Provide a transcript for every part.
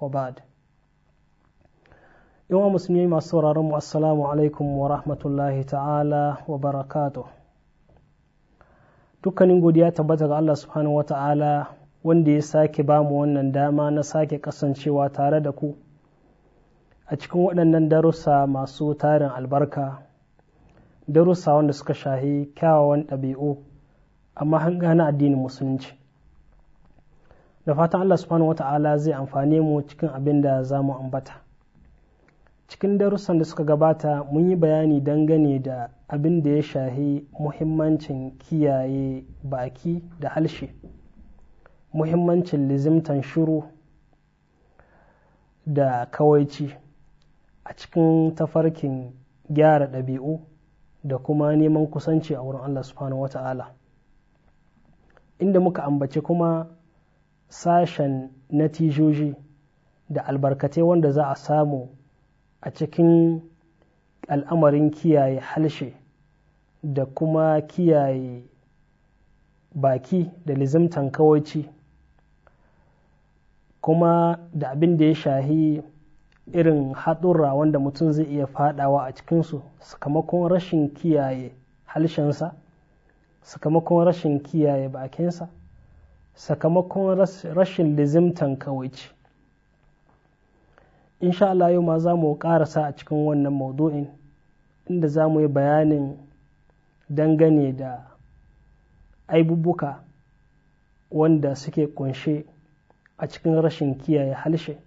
wa ba'd wa musulmi masu sauraron mu assalamu alaikum wa rahmatullahi ta'ala wa barakato dukkanin godiya tabbata ga Allah subhanahu wa ta'ala wanda ya sake ba mu wannan dama na sake kasancewa tare da ku a cikin waɗannan darussa masu tarin albarka darussa wanda suka shahi kyawawan ɗabi'u amma hanga na addinin musulunci da fatan Allah subhanahu wata'ala zai amfane mu cikin abin da za mu ambata cikin darussan da suka gabata mun yi bayani dangane da abin da ya shahi muhimmancin kiyaye baki da halshe muhimmancin lizimtan shuru da kawaici a cikin tafarkin gyara ɗabi'u da kuma neman kusanci a wurin Allah subhanahu wata'ala inda muka ambace kuma sashen natijoji da albarkatai wanda za a samu a cikin al'amarin kiyaye halshe da kuma kiyaye baki da lizimtan kawaici kuma da abin da ya shahi irin haɗurra wanda mutum zai iya faɗawa a cikinsu sakamakon rashin kiyaye halshensa sakamakon rashin kiyaye bakinsa sakamakon rashin lizimtan kawai ce insha Allah yau ma za mu ƙarasa a cikin wannan maudu'in inda za mu yi bayanin dangane da aibubuka wanda suke kunshe a cikin rashin kiyaye halshe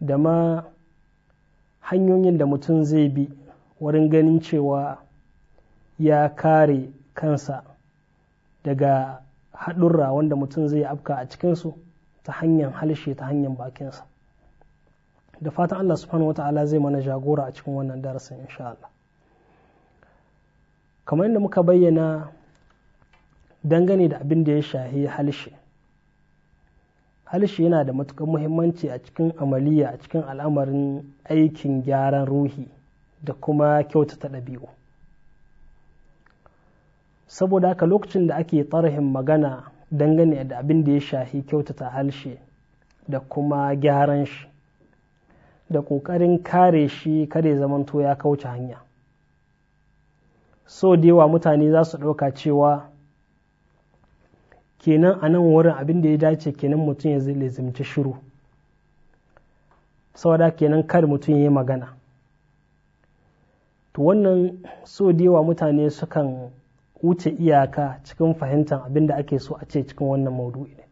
da ma hanyoyin da mutum zai bi wurin ganin cewa ya kare kansa daga haɗurra wanda mutum zai afka a cikinsu ta hanyar halshe ta hanyar bakinsa da fatan Allah subhanahu wa ta'ala zai mana jagora a cikin wannan darasin insha Allah kamar yadda muka bayyana dangane da abin da ya shahi halshe halshe yana da matuƙar muhimmanci a cikin amaliya a cikin al'amarin aikin gyaran ruhi da kuma kyautata ɗabi'u saboda haka lokacin da ake tarihin magana dangane da abin da ya shahi kyautata halshe da kuma gyaran shi da ƙoƙarin kare shi kare zamanto ya kauce hanya so da yawa mutane za su ɗauka cewa kenan a nan wurin abin da ya dace kenan mutum ya zimci shiru saboda kenan kar mutum ya yi magana to wannan so da yawa mutane sukan wuce iyaka cikin fahimtar abin da ake so a ce cikin wannan maudu'i ne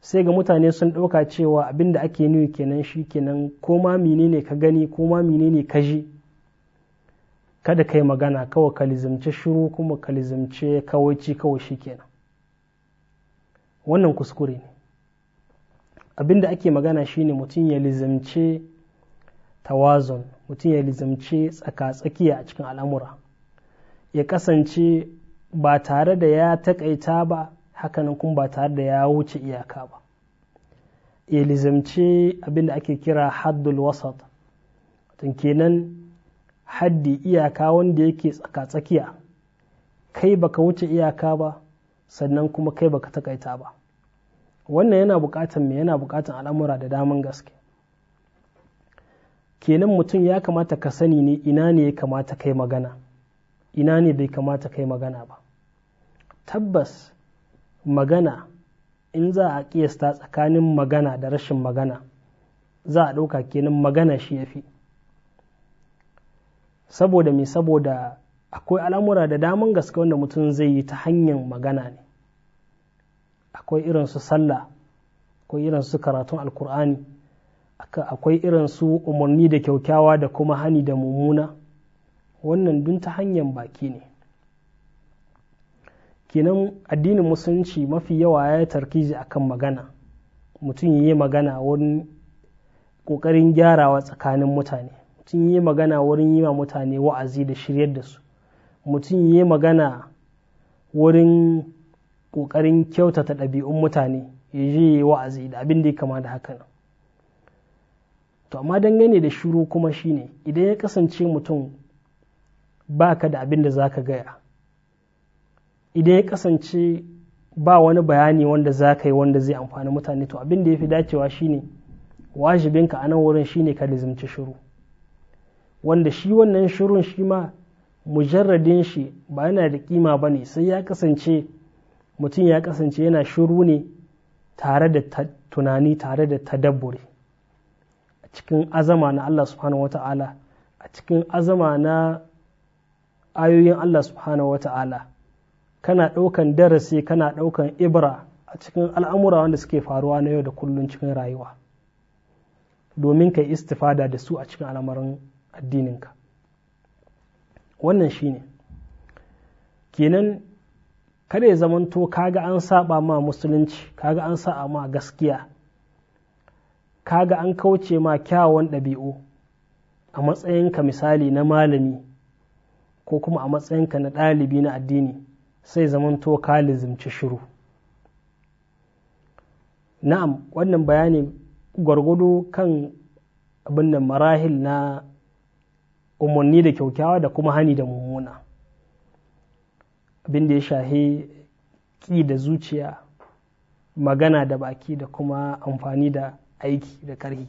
sai ga mutane sun ɗauka cewa abin da ake nuyi kenan shi kenan ko ma menene ka gani ko ma menene ka ji kada kai magana kawai ka lizimce shiru kuma ka lizimce kawaici kawai shi kenan wannan kuskure ne abin da ake magana shine mutum ya lizimce tawazon mutum ya lizimce tsaka-tsakiya a cikin al'amura ya kasance ba tare da ya takaita ba hakanan kuma ba tare da ya wuce iyaka ba ya lizamce abin da ake kira haddul wasat tun kenan haddi iyaka wanda yake tsaka-tsakiya kai baka wuce iyaka ba sannan kuma kai baka takaita ba wannan yana bukatan me yana bukatan al'amura da daman gaske kenan mutum ya kamata ka sani ne ina ne ya kamata kai magana ina ne bai kamata kai magana ba tabbas magana in za a kiyasta tsakanin magana da rashin magana za a ɗauka kenan magana shi ya fi saboda mai saboda akwai al'amura da daman gaske wanda mutum zai yi ta hanyar magana ne akwai irin su sallah akwai irin su karatun alkur'ani akwai irin su umarni da kyaukyawa da kuma hani da mummuna wannan dun ta hanyar baki ne kenan addinin musulunci mafi yawa ya yi tarkizi kan magana mutum ya yi magana wurin ƙoƙarin gyarawa tsakanin mutane mutum ya yi magana wurin yi ma mutane wa'azi da shiryar da su mutum yi magana wurin ƙoƙarin kyautata ɗabi'un mutane ya je yi wa'azi da abin da ya kama da haka to amma dangane da shiru kuma shine idan ya kasance mutum ba ka da abin da za ka gaya idan ya kasance ba wani bayani wanda za ka yi wanda zai amfani mutane to abin da ya fi dacewa shine wajibinka a nan wurin shine ka lizimci shiru wanda shi wannan shirun shi ma mujarradin shi ba yana da kima ba ne sai ya kasance mutum ya kasance yana shiru ne tare da tunani tare da tadabburi a cikin azama na Allah subhanahu wata'ala a cikin azama na ayoyin Allah subhanahu wata'ala kana ɗaukan darasi kana ɗaukan ibra a cikin al'amura wanda suke faruwa na yau da kullum cikin rayuwa domin ka istifada da su a cikin al'amarin addininka wannan shi ne. kenan kada ya zamanto kaga an saba ma musulunci kaga an saba ma gaskiya kaga an kauce ma kyawawan ɗabi'u a matsayinka misali na malami ko kuma a matsayinka na ɗalibi na addini sai zamanto ka lizimci shiru na'am wannan bayani gwargwado kan abin da marahil na umarni da kyaukyawa da kuma hani da mummuna abin da ya shahi ƙi da zuciya magana da baki da kuma amfani da aiki da karhi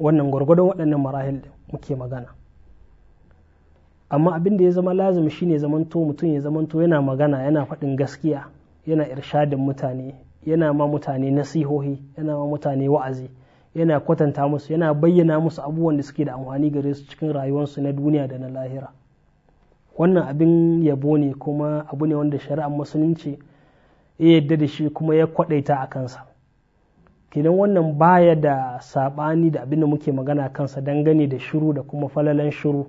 wannan gwargwadon waɗannan marahil muke magana amma abin da ya zama lazim shine zamanto mutum ya zamanto yana magana yana faɗin gaskiya yana irshadin mutane yana ma mutane nasihohi yana ma mutane wa'azi yana kwatanta musu yana bayyana musu abubuwan da suke da amfani gare su cikin rayuwarsu na duniya da na lahira wannan abin yabo ne kuma abu ne wanda shari'ar musulunci ya yadda da shi kuma ya kwadaita a kansa kenan wannan baya da saɓani da abin da muke magana kansa dangane da shiru da kuma falalan shiru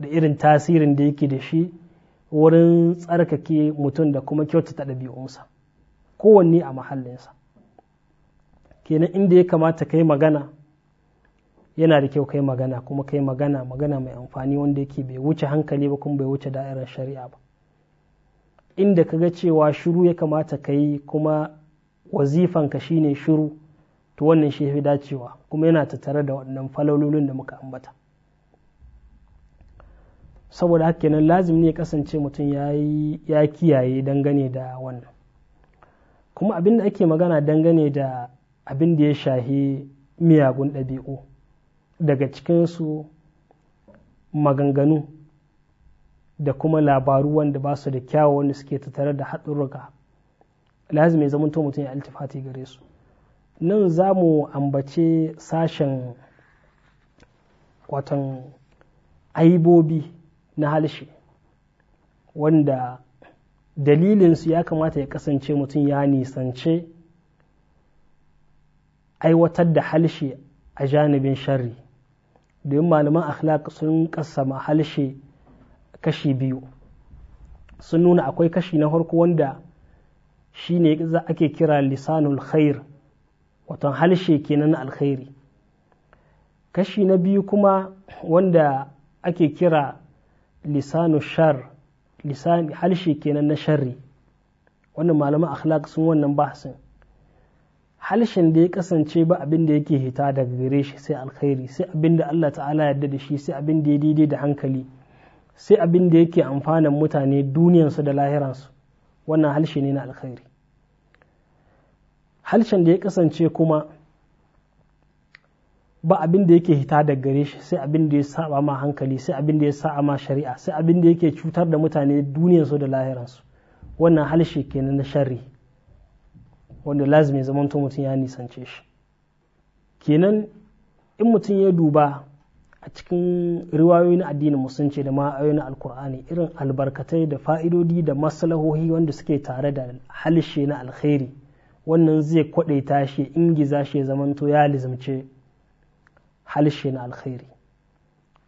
da irin tasirin da yake da shi wurin tsarkake mutum da kuma kyauta ta ɗabi'unsa kowanne a mahallinsa kenan inda ya kamata kai magana yana da kyau kai magana kuma kai magana magana mai amfani wanda yake bai wuce hankali ba kuma bai wuce da'irar shari'a ba inda ka ga cewa shiru ya kamata ka yi kuma wazifanka shine shiru to wannan shi fi dacewa kuma yana tattare da waɗannan falalolin da muka ambata saboda haka kenan lazim ne kasance mutum ya kiyaye dangane da wannan kuma abin da ake magana dangane da abin da ya shahi miyagun ɗabi'u daga cikinsu maganganu da kuma labaru wanda ba su da kyawu wanda suke tattare da haɗurruka lazim ya to mutum ya altifati gare su nan za mu ambace sashen watan aibobi na halshe wanda dalilinsu ya kamata ya kasance mutum ya nisance aiwatar da halshe a janibin sharri domin malaman akhlaq sun kasama halshe kashi biyu sun nuna akwai kashi na farko wanda shi ne ake kira lisanul khair waton halshe kenan na alkhairi kashi na biyu kuma wanda ake kira lisanu shar lisan halshe kenan na sharri wannan malaman akhlaq sun wannan bahasin halshen da ya kasance ba abin da yake hita daga gare shi sai alkhairi sai abin da Allah ta'ala yarda da shi sai abin da ya daidai da hankali sai abin da yake amfanan mutane duniyansu da lahiransu wannan halshe ne na alkhairi halshen da ya kasance kuma ba abin da yake hita da gare shi sai abin da ya saba ma hankali sai abin da ya saba ma shari'a sai abin da yake cutar da mutane duniyarsu da lahiransu wannan halshe kenan na shari wanda lazumi to mutum ya nisance shi kenan in mutum ya duba a cikin riwayoyi na addinin musulunci da ma'ayoyi na alkur'ani irin albarkatai da fa'idodi da maslahohi wanda suke tare da halshe na alkhairi wannan zai kwaɗaita shi ingiza shi zamanto ya lizumce halshe na alkhairi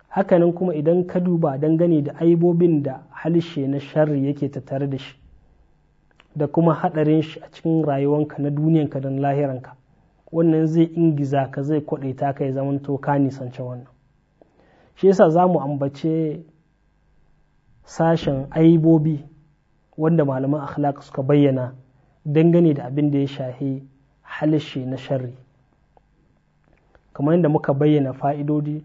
hakanan kuma idan ka duba dangane da aibobin da halshe na sharri yake tattare da shi da kuma haɗarin shi a cikin rayuwanka na duniyanka don lahiranka wannan zai ingiza ka zai kwaɗaita ka ya zamanto ka nisance wannan shi yasa za mu ambace sashen aibobi wanda malaman akhlaq suka bayyana dangane da abin da ya shahi halishe na sharri kamar yadda muka bayyana fa'idodi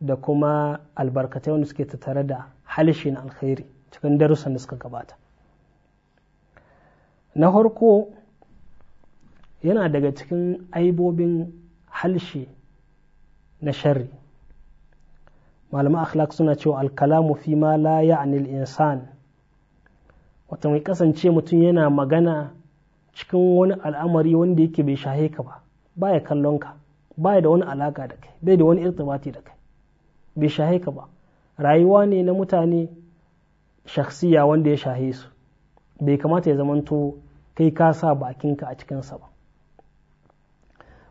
da kuma albarkatai wanda suke tattare da halishe na alkhairi cikin darussan da suka gabata na farko yana daga cikin aibobin halshe na sharri malaman akhlaq suna cewa alkalamu fi ma la al insan wata mai kasance mutum yana magana cikin wani al'amari wanda yake bai shahe ka ba baya kallon ka ba da wani alaka da kai bai da wani irtibati da kai bai shahe ka ba rayuwa ne na mutane shaksiya wanda ya shahe su bai kamata ya zamanto kai ka sa bakinka a cikinsa ba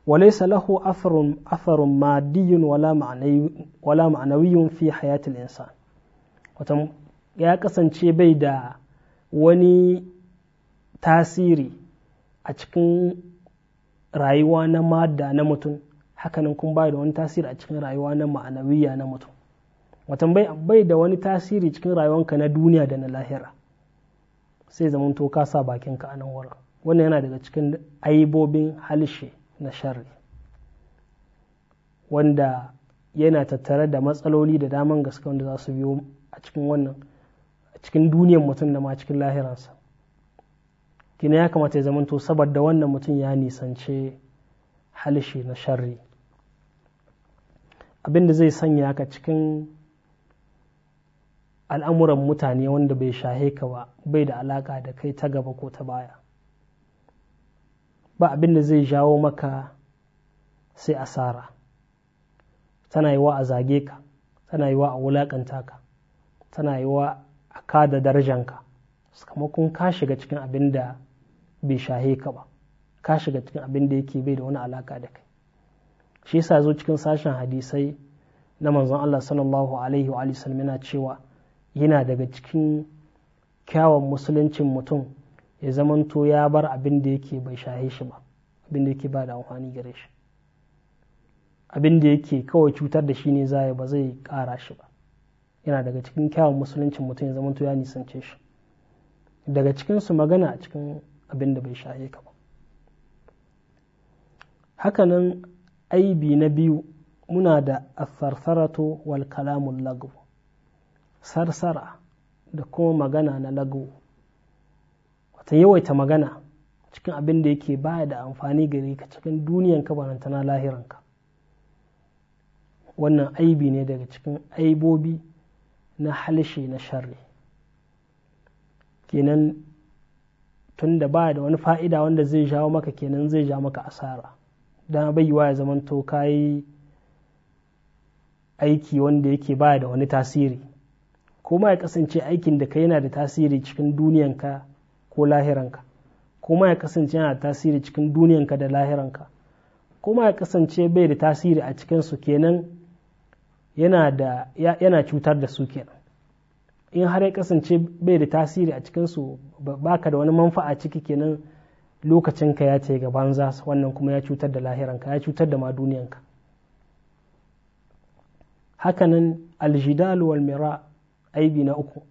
وليس salahu أثر أثر wala ولا معنوي ولا معنوي في حياة insan وتم ya kasance bai da wani tasiri a cikin rayuwa na mada na mutum hakanan kun bai da wani tasiri a cikin rayuwa na ma'anawiya na mutum watan bai da wani tasiri cikin rayuwanka na duniya da na lahira sai zaman to ka sa bakinka a nan wurin wannan yana daga cikin aibobin halshe na sharri wanda yana tattare da matsaloli da daman gaske wanda za su biyo a cikin wannan a cikin duniyar mutum da ma cikin lahiransa kina ya kamata ya zamanto saboda wannan mutum ya nisance halshe na sharri abinda zai sanya ka cikin al'amuran mutane wanda bai shahe ka ba bai da alaƙa da kai ta gaba ko ta baya ba abinda zai jawo maka sai asara tana yi wa a zage ka tana yi wa a wulaƙanta ka tana yi wa a kada darajanka sakamakon ka shiga cikin abin da bai shahe ka ba ka shiga cikin abin da yake bai da wani alaƙa da kai shi yasa zo cikin sashen hadisai na manzon Allah sallallahu alaihi wa sallam yana cewa yana daga cikin kyawun musuluncin mutum ya zamanto ya bar abin da yake bai shahe shi ba abin da yake ba da amfani gare shi abin da yake kawai cutar da shi ne zai ba zai kara shi ba yana daga cikin kyawun musuluncin mutum ya zamanto ya nisance shi daga cikinsu magana a cikin abin da bai shahe ka ba hakanan aibi na biyu muna da sarsarato wal kalamun lagu sarsara da kuma magana na lagu wata yawaita magana cikin abin da yake baya da amfani gare ka cikin duniyan ka baranta na lahiranka wannan aibi ne daga cikin aibobi na halshe na sharri kenan tun da ba da wani fa'ida wanda zai jawo maka kenan zai ja maka asara bai baiwa ya zamanto ka yi aiki wanda yake baya da wani tasiri kuma ya kasance aikin da ka yana da tasiri cikin duniyanka ko lahiranka kuma ya kasance yana da tasiri cikin duniyanka da lahiranka kuma ya kasance bai da tasiri a cikinsu kenan yana cutar da su kenan in har ya kasance bai da tasiri a cikinsu ka da wani manfa'a ciki kenan lokacinka ya ce ga banza wannan kuma ya cutar da lahiranka ya cutar da ma duniyanka hakanan aljidal wal mira aibi na uku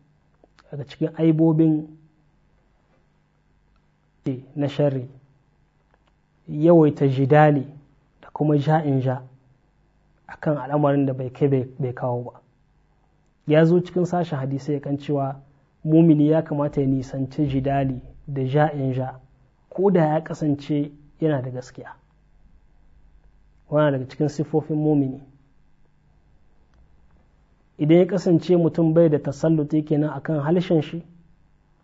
daga cikin aibobin na shari yawaita jidali da kuma ja'in ja akan al'amarin da bai kai bai kawo ba ya zo cikin sashen hadisai kan cewa mumini ya kamata ya nisanci jidali da ja'in ja ko da ya kasance yana da gaskiya wana daga cikin siffofin mumini idan ya kasance mutum bai da tasalluti kenan akan halishin shi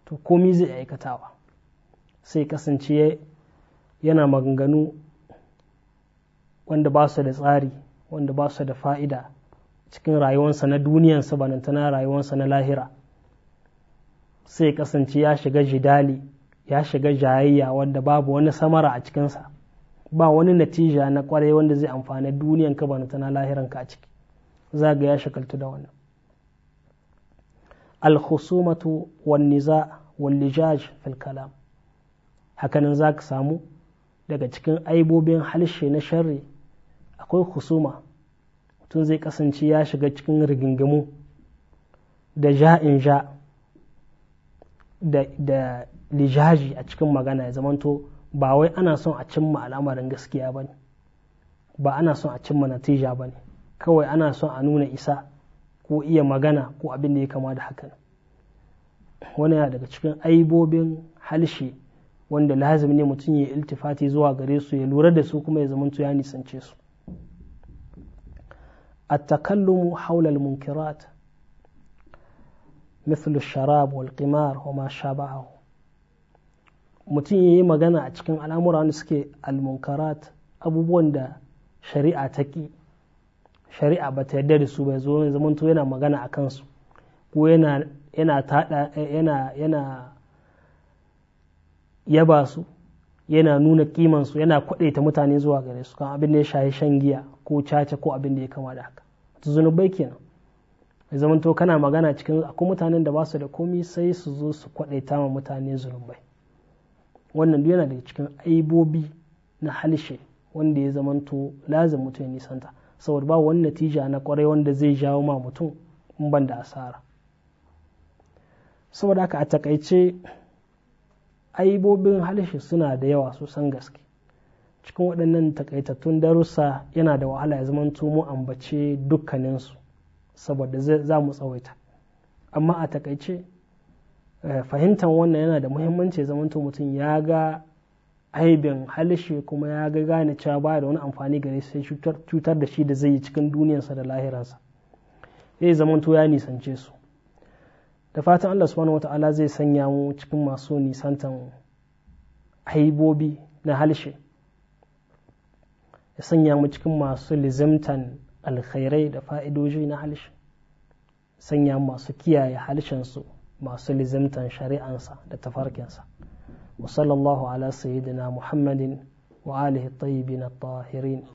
to komi zai aikatawa sai kasance yana maganganu wanda ba su da tsari wanda ba su da fa'ida cikin rayuwansa na duniyansa banantana rayuwansa na lahira sai kasance ya shiga jidali ya shiga jayayya wanda babu wani samara a cikinsa ba wani natija na kwarai wanda zai amfani duniyan ka bana tana lahiran ka a ciki za ga ya shakaltu da wannan alhusumatu khusumatu wan niza wal lijaj fil kalam hakanan ka samu daga cikin aibobin halshe na sharri akwai husuma mutum zai kasance ya shiga cikin rigingimu da ja'in ja' da lijaji a cikin magana ya zamanto ba wai ana son a cimma al'amarin gaskiya ba ne ba ana son a cimma natija ba ne kawai ana son a nuna isa ko iya magana ko abin da ya kama da hakan wani yana daga cikin aibobin halshe wanda lazim ne mutum ya iltifati zuwa gare su ya lura da su kuma ya zamanto ya nisance su at-takallamu hawla munkirat مثل الشراب والقمار وما شابهه mutum ya yi magana a cikin al'amura wanda suke almunkarat abubuwan da shari'a ta shari'a ba ta yarda da su ba zo zamanto yana magana a kansu ko yana yana yaba su yana nuna su yana kwaɗaita mutane zuwa gare su kan abin da ya shahi shan giya ko caca ko abin da ya kama da haka zunubai kenan ya zamanto kana magana cikin akwai mutanen da ba su da komi sai su zo su kwadaita ma mutane zunubai wannan duk yana daga cikin aibobi na halshe wanda ya zamanto lazim mutum ya nisanta saboda ba wani natija na kwarai wanda zai jawo ma mutum in ban da asara saboda haka a takaice aibobin halshe suna da yawa sosan gaske cikin waɗannan takaitattun darussa yana da wahala ya zamanto mu ambace dukkaninsu saboda za mu tsawaita amma a takaice eh, fahimtar wannan yana da muhimmanci to mutum ya ga aibin halishe kuma ya ga gane cewa ba da wani amfani gare sai cutar da shi da zai yi cikin duniyarsa da lahiransa zai zamanto ya nisance su da fatan allah subhanahu wata'ala zai sanya mu cikin masu nisantan aibobi na halishe. ya sanya mu cikin masu lizimtan alkhairai da fa'idoji na halshe sanya masu kiyaye halshensu masu lizimtan shari'ansa da tafarkinsa wa ala sayyidina muhammadin wa alihi tayyibin tahirin